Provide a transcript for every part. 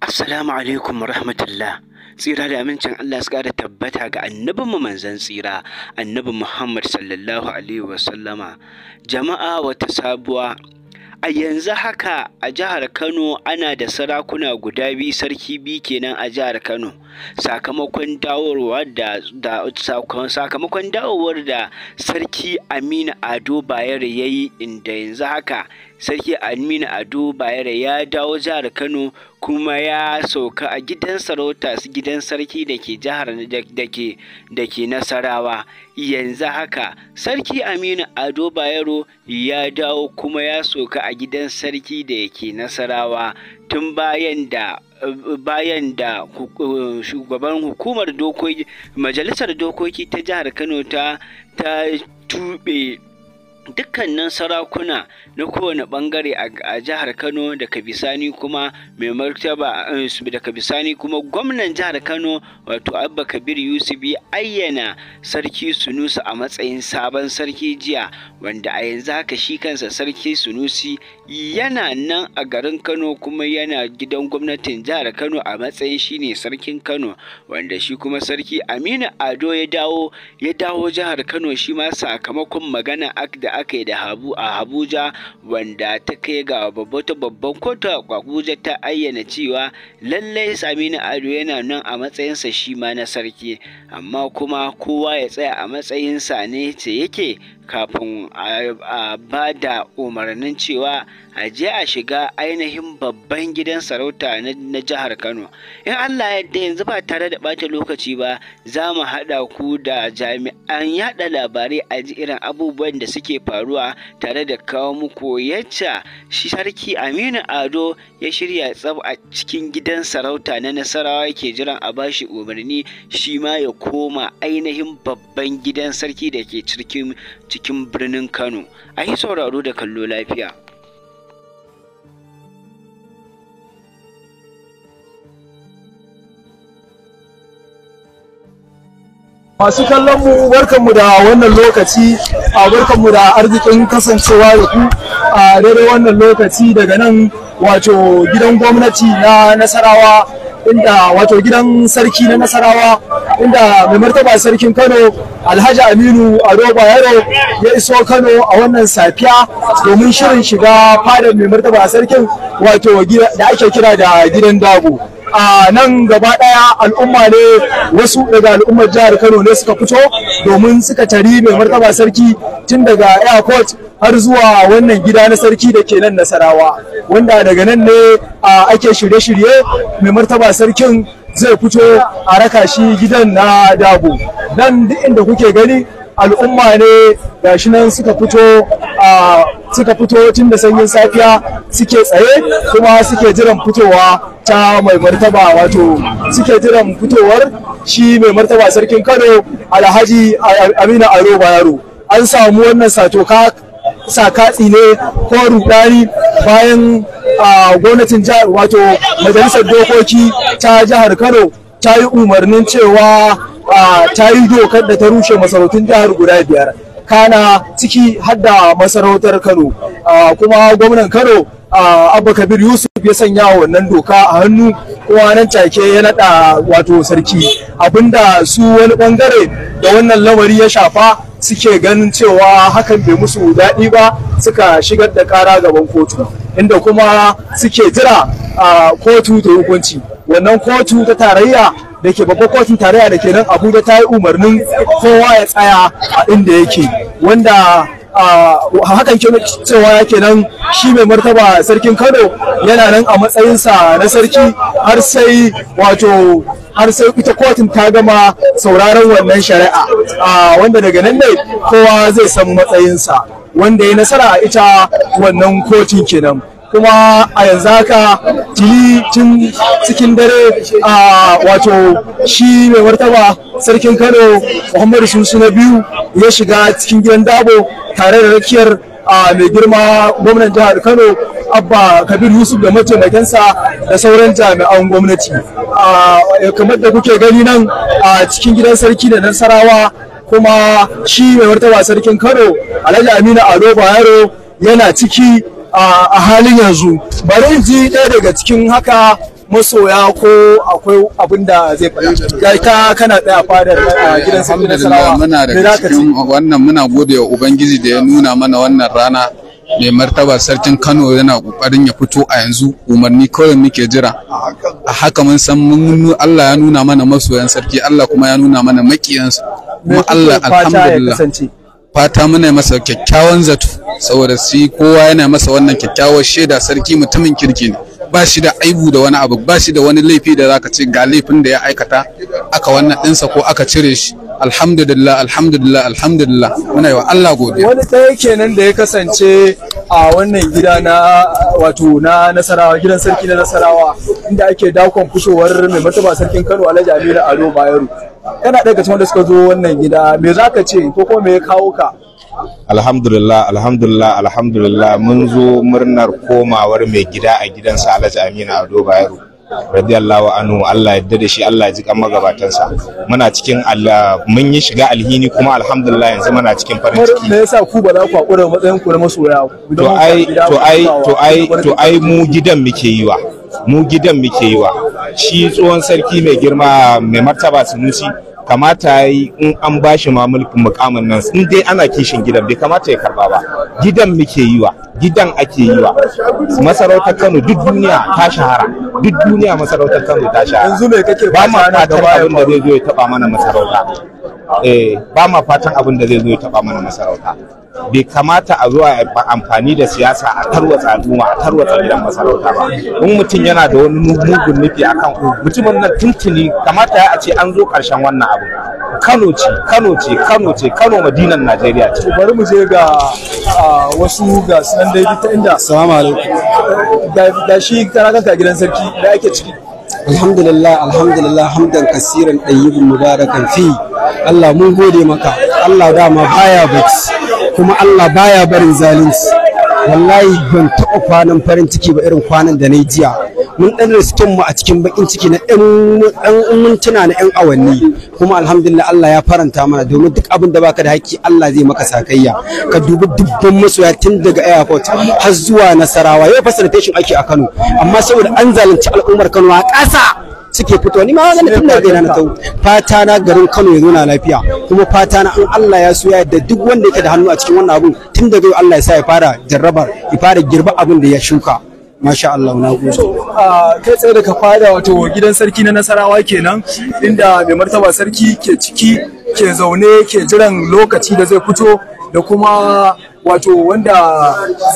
Assalamu alaikum rahmatullah. Tsira da amincin Allah su ƙara tabbata ga annabin mu manzon tsira, annabi Muhammad sallallahu alaihi Jama'a wata sabuwa A yanzu haka a jihar Kano ana da sarakuna guda biyu sarki biyu kenan a jihar Kano sakamakon dawowa da, da sakamakon dawowar da sarki Aminu Ado Bayero ya inda yanzu haka sarki Aminu Ado Bayero ya dawo jihar Kano kuma ya sauka a gidan sarauta su gidan sarki da ke jihar da ke nasarawa yanzu haka sarki aminu ado bayero ya dawo kuma ya sauka a gidan sarki da ke nasarawa tun bayan da bayan da shugaban hukumar dokoki majalisar dokoki ta jihar kano ta Tuɓe. dukkanin sarakuna na kowane bangare a jihar Kano daga bisani kuma mai martaba eh, bisani kuma gwamnan jihar Kano wato Abba Kabir Yusuf ya ayyana sarki Sunusi a matsayin sabon sarki jiya wanda a yanzu haka shi kansa sarki Sunusi yana nan a garin Kano kuma yana gidan gwamnatin jihar Kano a matsayin shine sarkin Kano wanda shi kuma sarki Aminu Ado ya dawo ya dawo jihar Kano shi ma sakamakon magana da aka yi da habu a Habuja wanda ta kai ga wata babban kotu a Abuja ta ayyana cewa lallai Saminu Ado yana nan a matsayinsa shi ma na sarki amma kuma kowa ya tsaya a matsayinsa ne ce yake kafin a ba da umarnin cewa a je a shiga ainihin babban gidan sarauta na jihar kano in allah yadda yanzu ba tare da ɓata lokaci ba za mu haɗa ku da jami'an yaɗa labarai a ji irin abubuwan da suke faruwa tare da kawo muku yacca shi sarki aminu ado ya shirya tsab a cikin gidan sarauta na nasarawa ke jiran a bashi umarni shi ma ya koma ainihin babban gidan sarki da ke cikin birnin kano a yi sauraro da kallo lafiya Masu kallon mu barkanmu da wannan lokaci, a barkanmu da arzikin kasancewa da ku a daidai wannan lokaci daga nan wato gidan gwamnati na Nasarawa inda wato gidan sarki na Nasarawa inda mai martaba sarkin Kano Alhaji Aminu Ado Bayero ya iso Kano a wannan safiya domin shirin shiga fadar mai martaba sarkin wato da ake kira da gidan dago. a nan gaba daya al'umma ne wasu daga al'ummar jihar Kano ne suka fito domin suka tari mai martaba sarki tun daga airport har zuwa wannan gida na sarki da ke nan Nasarawa wanda daga nan ne ake shirye-shirye mai martaba sarkin zai fito a raka shi gidan na dabo nan duk inda kuke gani al'umma ne gashi nan suka fito a suka fito tun da sanyin safiya suke tsaye kuma suke jiran fitowa ta mai martaba wato suke jiran fitowar shi mai martaba sarkin kano alhaji amina aro bayaro an samu wannan satoka sakatsi ne ko rudani bayan a gwamnatin jihar wato majalisar dokoki ta jihar kano ta yi umarnin cewa ta yi dokar da ta rushe masarautun jihar guda biyar kana ciki har da masarautar kano kuma gwamnan kano abba kabir yusuf ya sanya wannan doka a hannu kuma nan take ya nada wato sarki abinda su wani bangare da wannan lamari ya shafa suke ganin cewa hakan bai musu daɗi ba suka shigar da kara gaban kotu inda kuma suke jira kotu ta hukunci wannan kotu ta tarayya da ke babbar kotun tarayya da ke nan abuja ta yi umarnin kowa ya tsaya a inda yake wanda hakan ke cewa ke nan shi mai martaba sarkin kano yana nan a matsayinsa na sarki har sai wato har sai ita kotun ta gama sauraron wannan shari'a wanda daga nan ne kowa zai san matsayinsa wanda ya nasara ita wannan kotun kenan kuma a yanzu haka tuni tun cikin dare a wato shi mai martaba sarkin kano muhammadu sunsu na biyu ya shiga cikin gidan dabo tare da rakiyar mai girma gwamnan jihar kano abba kabir yusuf da mataimakinsa da sauran jami'an gwamnati kamar da kuke gani nan a cikin gidan sarki da nasarawa kuma shi mai martaba sarkin kano alhaji aminu ado bayero yana ciki a halin yanzu bari ji ɗaya daga cikin haka masoya ko akwai abin da zai faɗa kai ta kana ɗaya fadar gidan sarki na sarawa muna da cikin wannan muna gode wa ubangiji da ya nuna mana wannan rana mai martaba sarkin kano yana kokarin ya fito a yanzu umarni kawai muke jira a haka mun san mun Allah ya nuna mana masoyan sarki Allah kuma ya nuna mana makiyansu kuma Allah alhamdulillah fata muna masa kyakkyawan zato saboda shi kowa yana masa wannan kyakkyawar shaida sarki mutumin kirki ne ba shi da aibu da wani abu ba shi da wani laifi da zaka ce ga laifin da ya aikata aka wannan ɗinsa ko aka cire shi alhamdulillah alhamdulillah alhamdulillah muna yi wa Allah godiya wani ɗaya kenan da ya kasance a wannan gida na wato na nasarawa gidan sarki na nasarawa inda ake dakon fitowar mai mataba sarkin Kano Alhaji Aminu Ado Bayero kana daga cikin wanda suka zo wannan gida me za ka ce ko kuma me ya kawo ka alhamdulillah alhamdulillah alhamdulillah mun zo murnar komawar mai gida a gidansa alhaji amina ado bayero radiyallahu anhu Allah ya da shi Allah ya ji kan magabatansa muna cikin Allah mun yi shiga alhini kuma alhamdulillah yanzu muna cikin farin ciki me yasa ku ba za ku hakura matsayin ku na masoya to ai to ai to ai to ai mu gidan muke yi wa mu gidan muke yi wa shi tsohon sarki mai girma mai martaba sunusi kamata yi in an ba shi ma mulkin mukamin nan in dai ana kishin gidan bai kamata ya karba ba gidan muke yi wa gidan ake yi wa masarautar Kano duk duniya ta shahara duk duniya masarautar Kano ta shahara yanzu me ba ma abin da zai zo ya taba mana masarauta eh ba ma fatan abin da zai zo ya taba mana masarauta bai kamata a zuwa amfani da siyasa a tarwatsa al'umma a tarwatsa gidan masarauta ba in mutum yana da wani mugun nufi akan mutumin nan tuntuni kamata ya ce an zo karshen wannan abu kano ce kano ce kano ce kano madinan najeriya ce bari mu je ga wasu ga sunan dai ta inda assalamu da shi karakanka gidan sarki da ake ciki alhamdulillah alhamdulillah hamdan kasiran ɗayyibin mubarakan fi Allah mun gode maka Allah dama baya bacci kuma Allah baya barin zalunci wallahi ban taɓa kwanan farin ciki ba irin kwanan da na jiya mun ɗan riskin mu a cikin bakin ciki na ɗan mintuna na 'yan awanni kuma alhamdulillah Allah ya faranta mana domin duk abin da baka da haƙƙi Allah zai maka sakayya ka dubi dubban masoya tun daga airport har zuwa Nasarawa yau facilitation ake a Kano amma saboda an zalunci al'ummar Kano a ƙasa suke fito ni ma tun daga na tau fata na garin Kano ya zauna lafiya kuma fata na an Allah ya so ya da duk wanda yake da hannu a cikin wannan abun tun daga yau Allah ya sa ya fara jarrabar ya fara girba abin da ya shuka masha Allah na gode uh, kai tsaye daga fada wato gidan sarki na Nasarawa kenan inda mai martaba sarki ke ciki ke zaune ke jiran lokaci da zai fito da kuma wato wanda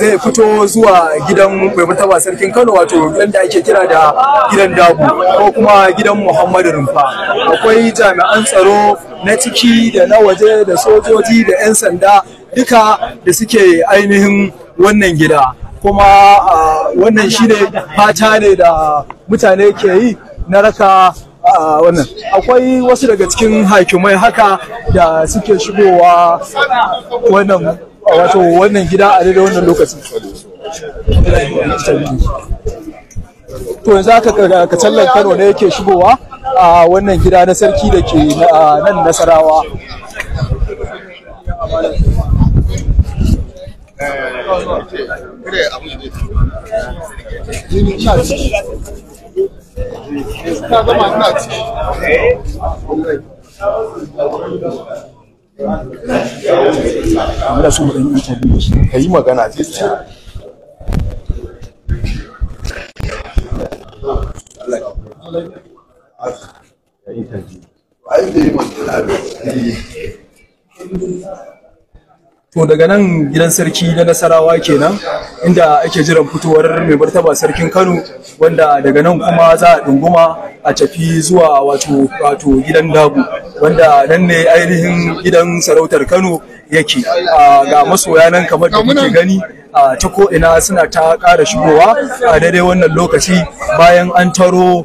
zai fito zuwa gidan mai martaba sarkin Kano wato gidan ake kira da gidan Dabu ko kuma gidan Muhammadu Rumfa akwai jami'an tsaro na ciki da na waje da sojoji da 'yan sanda duka da suke ainihin wannan gida kuma ah, wannan shi ne fata ne da mutane ke yi na raka ah, wannan akwai wasu daga cikin hakimai haka da suke shigowa wannan wato wannan gida a daidai wannan lokacin to yanzu ka tallan kano ne yake shigowa a wannan gida na sarki da ke ah, nan nasarawa Thank you. kada abu ya zai ka yi magana ce ce. Ai To daga nan gidan sarki na Nasarawa kenan inda ake jiran fitowar mai martaba sarkin Kano wanda daga nan kuma za a dunguma a tafi zuwa wato wato gidan Dabu wanda nan ne ainihin gidan sarautar Kano yake ga masoya nan kamar da muke gani a ta ko ina suna ta ƙara shigowa a daidai wannan lokaci bayan an taro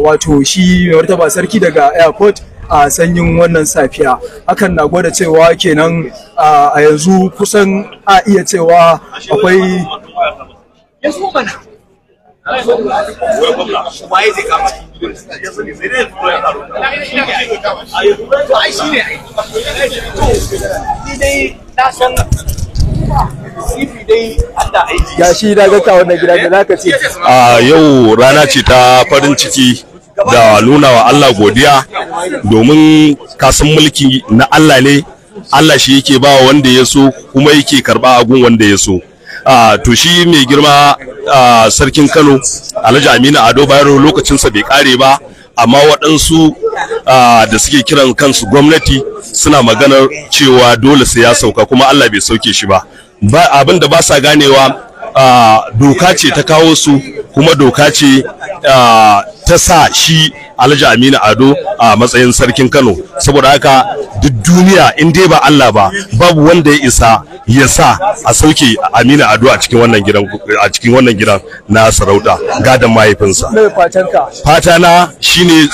wato shi mai martaba sarki daga airport a sanyin wannan safiya hakan na gwada cewa kenan a yanzu kusan a iya cewa akwai ya shi da gata wannan gida da za ce a yau rana ce ta farin ciki da nuna wa Allah godiya domin kasan mulki na Allah ne Allah shi yake ba wanda ya so kuma yake karba agun wanda ya so to shi mai girma sarkin Kano Alhaji Aminu Ado Bayero lokacinsa bai kare ba amma waɗansu da suke kiran kansu gwamnati suna maganar cewa dole sai ya sauka kuma Allah bai sauke shi ba abin da ba sa ganewa doka ce ta kawo su kuma doka ce ta sa shi Alhaji Aminu Ado a matsayin sarkin Kano saboda haka duk duniya in dai ba Allah ba babu wanda ya isa ya sa a sauke Aminu Ado a cikin wannan gidan na sarauta gadon mahaifinsa. Fata na shine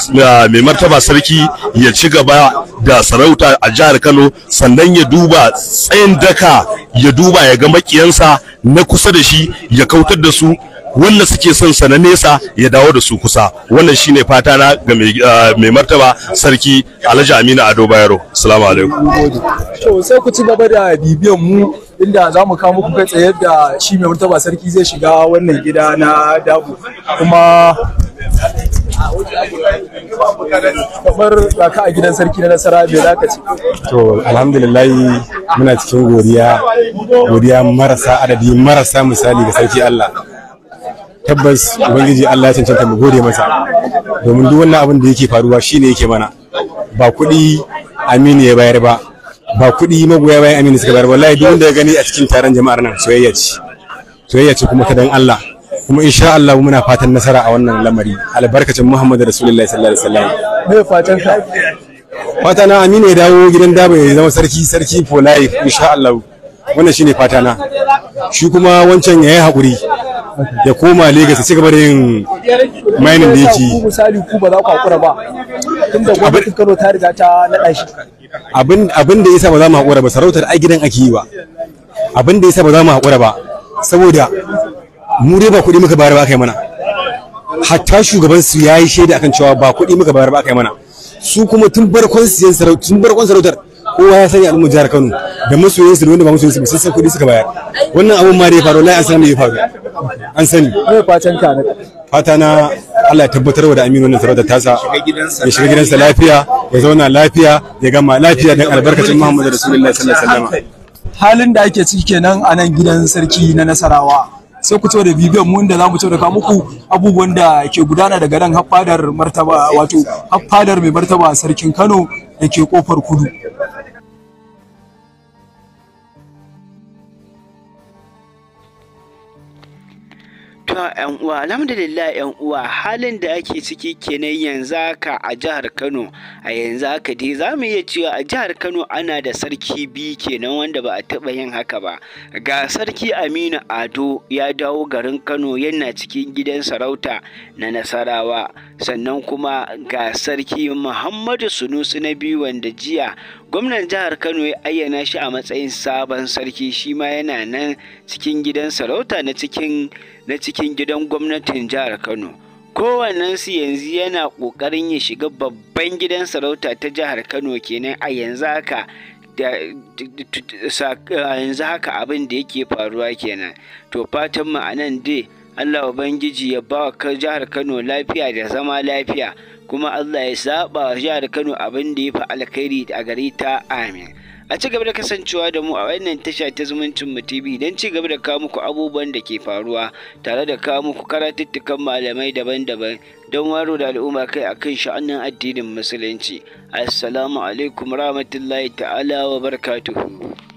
mai martaba sarki ya ci gaba da sarauta a jihar Kano sannan ya duba tsayin daka ya duba ya ga makiyansa na kusa da shi ya kautar da su wanda suke son sa na nesa ya dawo da su kusa wannan shine fata na ga mai ah, martaba sarki Alhaji Aminu Ado Bayero assalamu alaikum to sai ku ci gaba da bibiyan mu inda za kawo muku kai tsaye da shi mai martaba sarki zai shiga wannan gida na dabu kuma kamar ka a gidan sarki na nasara bai za to muna cikin godiya godiya marasa adadi marasa misali ga sarki Allah tabbas ubangiji Allah ya cancanta mu gode masa domin duk wannan abin da yake faruwa shine yake mana ba kuɗi Aminu ya bayar ba ba kuɗi magoya bayan Aminu suka bayar wallahi duk wanda ya gani a cikin taron jama'ar nan soyayya ce soyayya ce kuma ta dan Allah kuma insha Allah muna fatan nasara a wannan lamari albarkacin Muhammadu Rasulullahi sallallahu alaihi wasallam me fatan ka fata na Aminu ya dawo gidan daba ya zama sarki sarki for life insha Allah wannan shine fata na shi kuma wancan yayi hakuri ya koma Lagos ya ci gaba da yin mining da yake misali ku ba za ku hakura ba tunda gwamnati Kano ta riga ta nada shi abin abin da yasa ba za mu hakura ba sarautar ai gidan ake yi ba abin da yasa ba za mu hakura ba saboda mu dai ba kuɗi muka bayar ba aka yi mana hatta shugaban su yayi shaida akan cewa ba kuɗi muka bayar ba aka yi mana su kuma tun barkon siyan sarautar tun barkon sarautar kowa ya sani al'ummar jihar Kano da masoyin su da wanda ba masoyin su ba sun kuɗi suka bayar wannan abun ma da ya faru lai an san me ya faru an sani fatan ka fata na Allah ya tabbatar da Aminu wannan ta sa ya shiga gidansa lafiya ya zauna lafiya ya gama lafiya dan albarkacin Muhammadu Rasulullahi sallallahu alaihi wasallam halin da ake ciki kenan a nan gidan sarki na Nasarawa sai ku cewa da bibiyan mu inda za mu ci da muku abubuwan da ke gudana daga nan haffadar martaba wato haffadar mai martaba sarkin Kano da ke kofar kudu To ‘yan uwa, alhamdulillah ‘yan uwa halin da ake ciki kenan yanzu haka a jihar Kano. A yanzu haka dai za mu iya cewa a jihar Kano ana da sarki biyu kenan wanda ba a taɓa yin haka ba. Ga sarki Aminu Ado ya dawo garin Kano yana cikin gidan sarauta na Nasarawa. Sannan kuma ga sarki Muhammadu Sunusi na biyu wanda jiya gwamnan jihar kano ya ayyana shi a matsayin sabon sarki shi ma yana nan cikin gidan sarauta na cikin na cikin gidan gwamnatin jihar kano kowannensu yanzu yana ƙoƙarin ya shiga babban gidan sarauta ta jihar kano kenan a yanzu haka yanzu haka abin da yake faruwa kenan to fatan mu a nan dai allah ubangiji ya ba wa jihar kano lafiya da zama lafiya kuma Allah ya saba wa jihar Kano abin da ya fi alkhairi a gare ta amin a ci gaba da kasancewa da mu a wannan tasha ta zumuncin mu TV don ci gaba da kawo muku abubuwan da ke faruwa tare da kawo muku karatuttukan malamai daban-daban don waro da al'umma kai akan sha'anin addinin musulunci assalamu alaikum rahmatullahi ta'ala wa barakatuhu